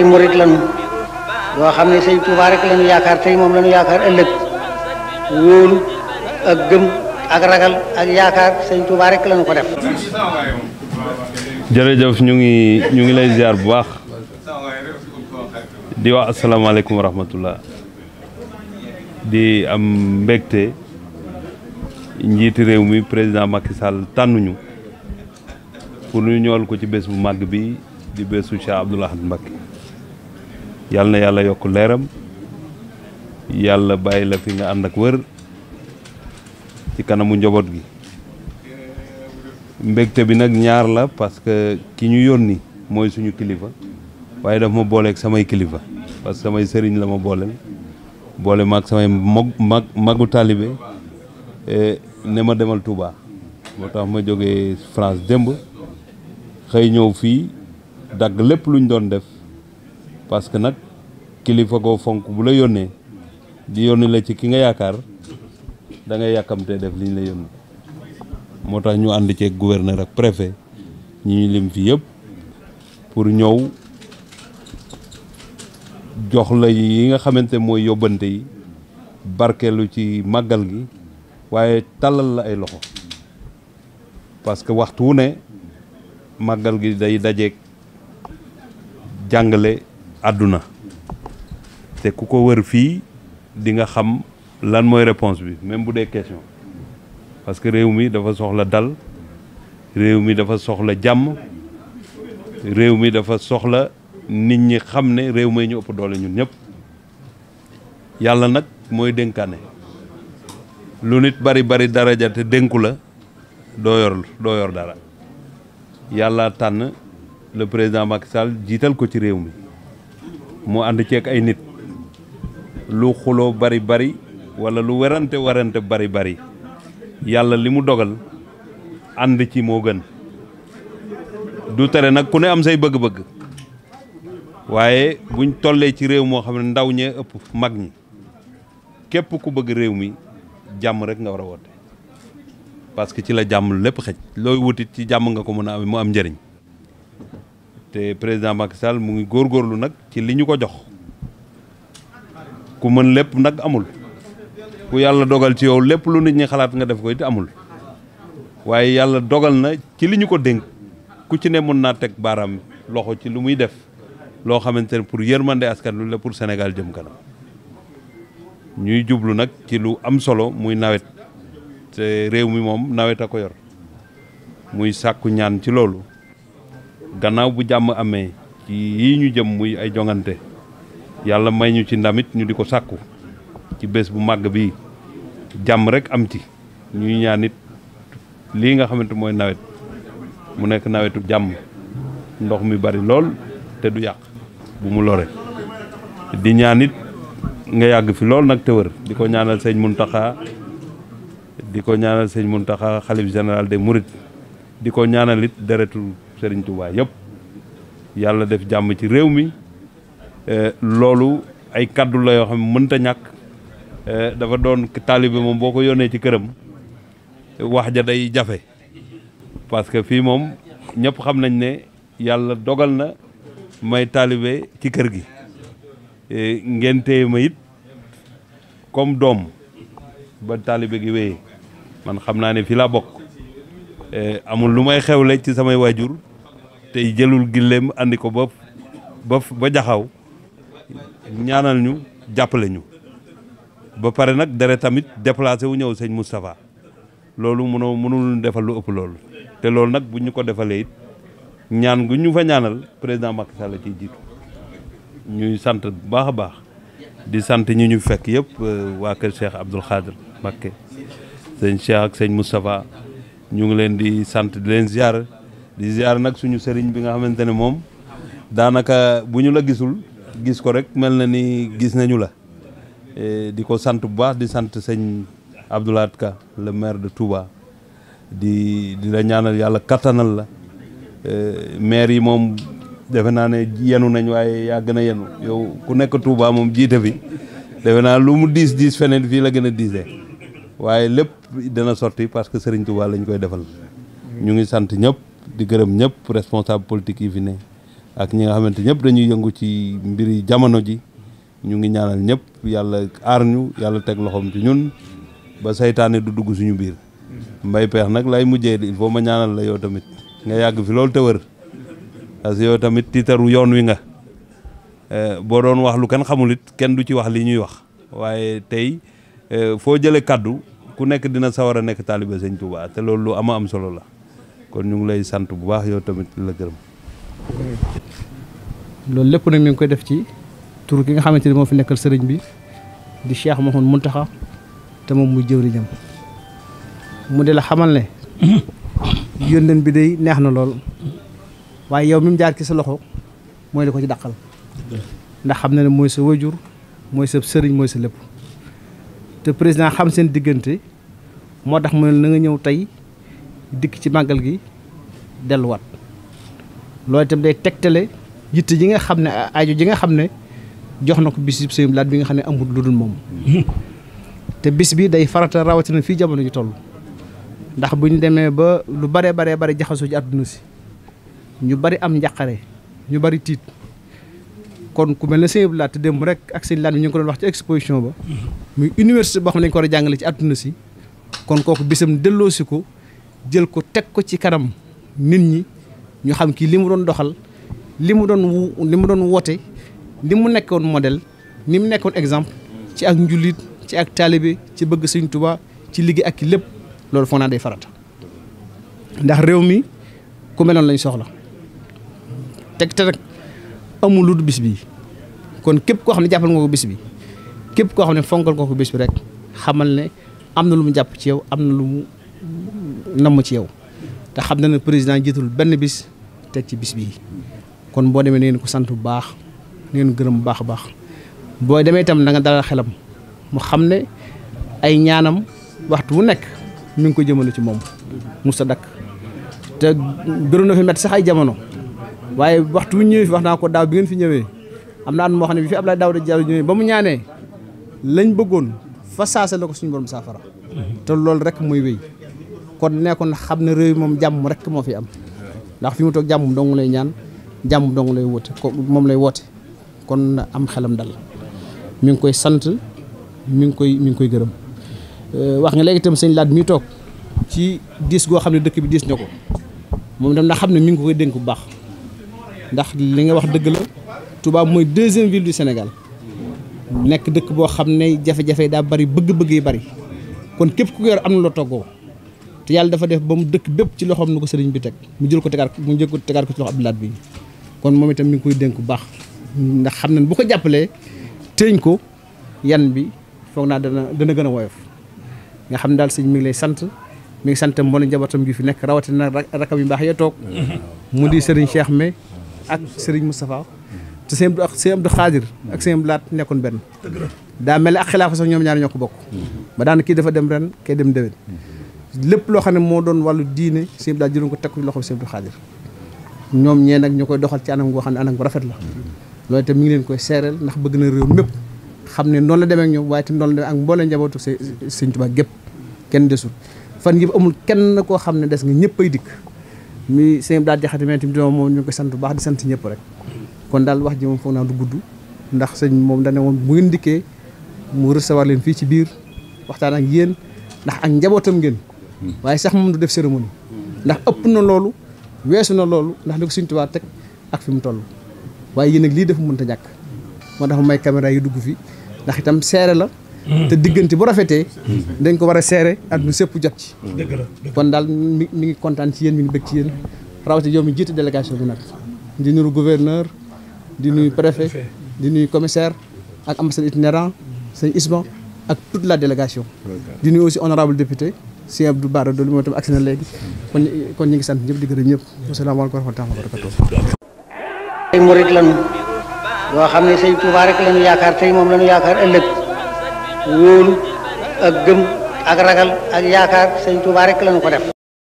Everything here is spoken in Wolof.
ay murit lañu xam ne sëñ Touba rek lañu yaakaar tey moom lañu yaakaar ëllëg wóolu ak gëm ak ragal ak yaakaar sëñ Touba rek lañu ko def. jërëjëf ñu ngi ñu ngi lay ziar bu baax di wax asalaamaaleykum wa rahmatullah di am mbégte njiiti réew mi président makki Sall tànnuñu pour ñu ñool ko ci bés bu màgg bi di bésu Cheikh Abdoul Ahad Mbacké yàlla na yàlla yokk leeram yàlla bàyyi la fi nga ànd ak wër ci kanamu njaboot gi mbegte bi nag ñaar la parce que ki ñu yónni mooy suñu kilifa waaye daf ma booleek samay kilifa parce que samay sëriñ la ma booleel boole maag samay mag mag magu taalibe e, ne ma demal Touba moo tax ma jógee France démb xëy ñëw fii dagg lépp luñ doon def parce que nag kilifa goo fonk bu la yónnee di yónni la ci ki nga yaakaar da ngay yàkkamtee def liñ la yónni moo tax ñu ànd ceeg gouverneur ak préfet ñu ñu lim fi yëpp pour ñëw jox la yi nga xamante mooy yóbbante yi barkeelu ci màggal gi waaye tàllal la ay loxo parce que waxtu wu ne màggal gi day dajeeg jàngale àdduna te ku ko wër fii di nga xam lan mooy réponse bi même bu dee question parce que réew mi dafa soxla dal réew mi dafa soxla jàmm réew mi dafa soxla nit ñi xam ne réew may ñu ëpp doole ñun ñëpp yàlla nag mooy dénkaane lu nit bari bari daraja te dénku la doo yor doo yor dara yàlla tànn le président Macky Sall jiital ko ci réew mi mu ànd ceeg ay nit lu xuloo bari bari wala lu werante werante bari bari yàlla li mu dogal ànd ci moo gën du tere nag ku ne am say bëgg-bëgg waaye buñ tollee ci réew moo xam ne ndaw ñee ëpp mag ñi képp ku bëgg réew mi jàmm rek nga war a woote parce que ci la jàmm lépp xëj looy wutit ci jàmm nga ko mën a am mu am njariñ te président Macky Sall mu ngi góor góorlu nag ci li ñu ko jox ku mën lépp nag amul ku yàlla dogal ci yow lépp lu nit ñi xalaat nga def ko it amul waaye yàlla dogal na ci li ñu ko dénk ku ci ne mën naa teg baaraam loxo ci lu muy def loo xamante ne pour yërmande askan lu la pour Sénégal jëm kanam ñuy jublu nag ci lu am solo muy nawet te réew mi moom nawet a ko yor muy sàkku ñaan ci loolu gannaaw bu jàmm amee ci yii ñu jëm muy ay jongante yàlla may ñu ci ndamit ñu di ko sàkku ci bés bu màgg bi jàmm rek am ci ñuy ñaan it lii nga xamante mooy nawet mu nekk nawetu jàmm ndox mi bari lool te du yàq bu mu lore di ñaan it nga yàgg fi lool nag te di ko ñaanal sëñ taxaa di ko ñaanal sëñ Muntaxa xalif général de Mourides di ko ñaanal it deretu Serigne Touba yëpp yàlla def jàmm ci réew mi eh, loolu ay kaddu la yoo xam ne mënta ñàkk eh, dafa doon taalibe moom boo ko yónnee ci këram wax ja day jafe parce que fii moom ñëpp xam nañ ne yàlla dogal na may taalibe ci kër gi eh, ngeen téye ma it comme doom ba taalibe gi wéyee man xam naa ne fii laa bokk amul lu may xewle ci samay waajur tey jëlul gilleem andi ko ba ba ba jaxaw ñaanal ñu jàppale ñu ba pare nag dere tamit déplacé wu ñëw sëñ Moustapha loolu mënoo mënul defal lu ëpp loolu te loolu nag bu ñu ko defalee it ñaan gu ñu fa ñaanal président Macky Sall ciy jiitu ñuy sant bu baax a baax di sant ñi ñu fekk yëpp euh, waa kër Cheikh Abdoul Khadir Mbacké sëñ Cheikh ak sëñ Moustapha ñu ngi leen di sant di leen ziar. di ziar nag suñu sëriñ bi nga xamante ne moom daanaka bu ñu la gisul gis ko rek mel na ni gis nañu la e, di ko sant bu baax di sant sëñ Abdou Lahad Ka le maire de Touba di di la ñaanal yàlla kattanal la e, maire yi moom defe naa ne yenu nañ waaye yaa gën a yenu yow ku nekk Touba moom jiite fi defe naa lu mu diis diis feneen fii la gën a diisee waaye lépp dana sorti parce que Serigne Touba lañ koy defal ñu ngi sant ñëpp di gërëm ñëpp responsable politique yi fi ne ak ñi nga xamante ñëpp dañuy yëngu ci mbiri jamono ji ñu ngi ñaanal ñëpp yàlla aar ñu yàlla teg loxoom ci ñun ba seytaane du dugg suñu biir mbay peex nag lay mujjee il faut ma ñaanal la yow tamit nga yàgg fi loolu te wër parce que tamit tiitaru yoon wi nga eh, boo doon wax lu kenn xamul it kenn du ci wax li ñuy wax waaye tey eh, foo jëlee kàddu ku nekk dina sawar a nekk taaliba sëñ Tuubaa te loolu lu ama am solo la kon ñu ngi lay sant bu baax yow tamit la gërëm. loolu lépp nag mi ngi koy def ci tur ki nga xamante ne moo fi nekkal sëriñ bi di Cheikh Mouhamed Mountakha te moom muy jëwriñam mu dee la xamal ne yónneen bi day neex na lool waaye yow mi jaar ci sa loxo mooy de ko ci dàqal ndax xam na ne mooy sa wajur mooy sa sëriñ mooy sa lépp te président xam seen diggante moo tax mu ne na nga ñëw tey. dikk ci màggal gi delluwaat loolu itam day tegtale yitte ji nga xam ne aajo ji nga xam ne jox na ko bis bi bi nga xam ne amul lu dul moom te bis bi day farata rawatina fii jamono ji toll ndax bu ñu demee ba lu bare bare bare jaxasoo ci àdduna si ñu bari am njàqare ñu bari tiit kon ku mel ne sëñ laat te démb rek ak sëñ laat bi ñu ngi ko doon wax ci exposition ba muy université boo xam ne ko war a jàngale ci àdduna si kon kooku bisam delloosi ko jël ko teg ko ci kanam nit ñi ñu xam kii li mu doon doxal li mu doon li mu doon woote li mu nekkoon modèle ni mu nekkoon exemple ci ak njullit ci ak taalibe ci bëgg Sëñ Tuubaa ci liggéey ak ki lépp loolu foog naa day farat ndax réew mi ku meloon lañ soxla teg te nag amul lu dul bis bi kon képp koo xam ne jàppal nga ko bis bi képp koo xam ne fonkal nga ko bis bi rek xamal ne am na lu mu jàpp ci yow am na lu mu namm ci yow te xam na ne président jiitul benn bis te ci bis bii kon boo demee neen ko sant bu baax ngeen gërëm bu baax a baax boo demee itam na nga dalal xelam mu xam ne ay ñaanam waxtu wu nekk mi ngi ko jëmale ci moom sa dakk te gëru na fi métti sax ay jamono waaye waxtu wu ñëwee fi wax naa ko daaw bi ngeen fi ñëwee am na at moo xam ne bi fi daaw di Diallo ñëwee ba mu ñaanee lañ bëggoon fa saase la ko suñu borom saafara te loolu rek mooy wéy kon nekkoon xam ne réew moom jàmm rek moo fi am ndax fi mu toog jàmm dong lay ñaan jàmm dong lay woote ko moom lay woote kon am xelam dal mu ngi koy sant mi ngi koy mi ngi koy gërëm euh, wax nga léegi sëñ Laat mi toog ci diis goo xam ne dëkk bi diis na ko moom itam ndax xam ne mi ngi ko koy dénk bu baax ndax li nga wax dëgg la tubaab mooy deuxième ville du Sénégal nekk dëkk boo xam ne jafe-jafe daa bari bëgg-bëgg yi bari kon képp ku yor am na loo toggoo te yàlla dafa def ba mu dëkk bépp ci loxoom ni ko sëriñ bi teg mu jël ko tegaat mu jël ko tegaat ko ci loxo Abdoulaat bi kon moom itam mi ngi koy dénk bu baax ndax xam nañ bu ko jàppalee teeñ ko yan bi foog naa dana dana gën a woyof nga xam daal sëñ mi ngi lay sant mi ngi sant mboolem njabootam gi fi nekk rawatina rakam yu baax ya toog mu di sëriñ Cheikh me ak sëriñ Moustapha te sëñ Abdou ak sëñ Abdou Khadir ak sëñ Abdou Laat nekkoon benn daa mel ak xilaafa sax ñoom ñaar ñoo ko bokk ba daan dafa dem ren kay dem déwén lépp loo xam ne moo doon wàllu diine seen bi daal jëloon ko teg ko loxo sëñ Abdou Khadir ñoom ñee nag ñu koy doxal ci anam xam ne anam gu rafet la loolu itam mi ngi leen koy seereel ndax bëgg na réew mépp xam ne noonu la demee ak ñoom waaye itam noonu la demee ak mboolee njabootu sëñ Tuubaa gépp kenn desul fan yëpp amul kenn koo xam ne des nga ñëpp ay dikk mi sëñ daal jaxate mais tamit moom ñu ngi koy sant bu baax di sant ñëpp rek kon daal wax ji moom foog naa du gudd ndax sëñ moom dane woon bu ngeen dikkee mu recevoir leen fii ci biir waxtaan ak yéen ndax ak njabootam ngeen waaye sax moom du def cérémonie ndax ëpp na loolu weesu na loolu ndax da ko Sëriñ teg ak fi mu toll waaye yéen nag lii dafa mënta ñàkk moo tax may caméra yu dugg fi ndax itam seere la te diggante bu rafetee dañ ko war a seere at lu sëpp jot ci kon daal mi mi ngi kontaan ci yéen mi ngi bëgg ci yéen rawatina yow mi jiite délégation bi nag di nuyu gouverneur di nuy ah, préfet di nuy commissaire ak ambassade itinérant sëñ Isma ak toute la délégation di nuyu aussi honorable député sëñ Abdou Bara Dolly moom itam agsi na léegi kon kon ñu ngi sant ñëpp di gërëm ñëpp wasalaamaaleykum wa rahmatullaahi wa barakaatuh ay murit lañu yoo xam ne sëñ Tuubaa rek lañu yaakaar tey moom lañu yaakaar ëllëg wóolu ak gëm ak ragal ak yaakaar sëñ Tuubaa rek lañu ko def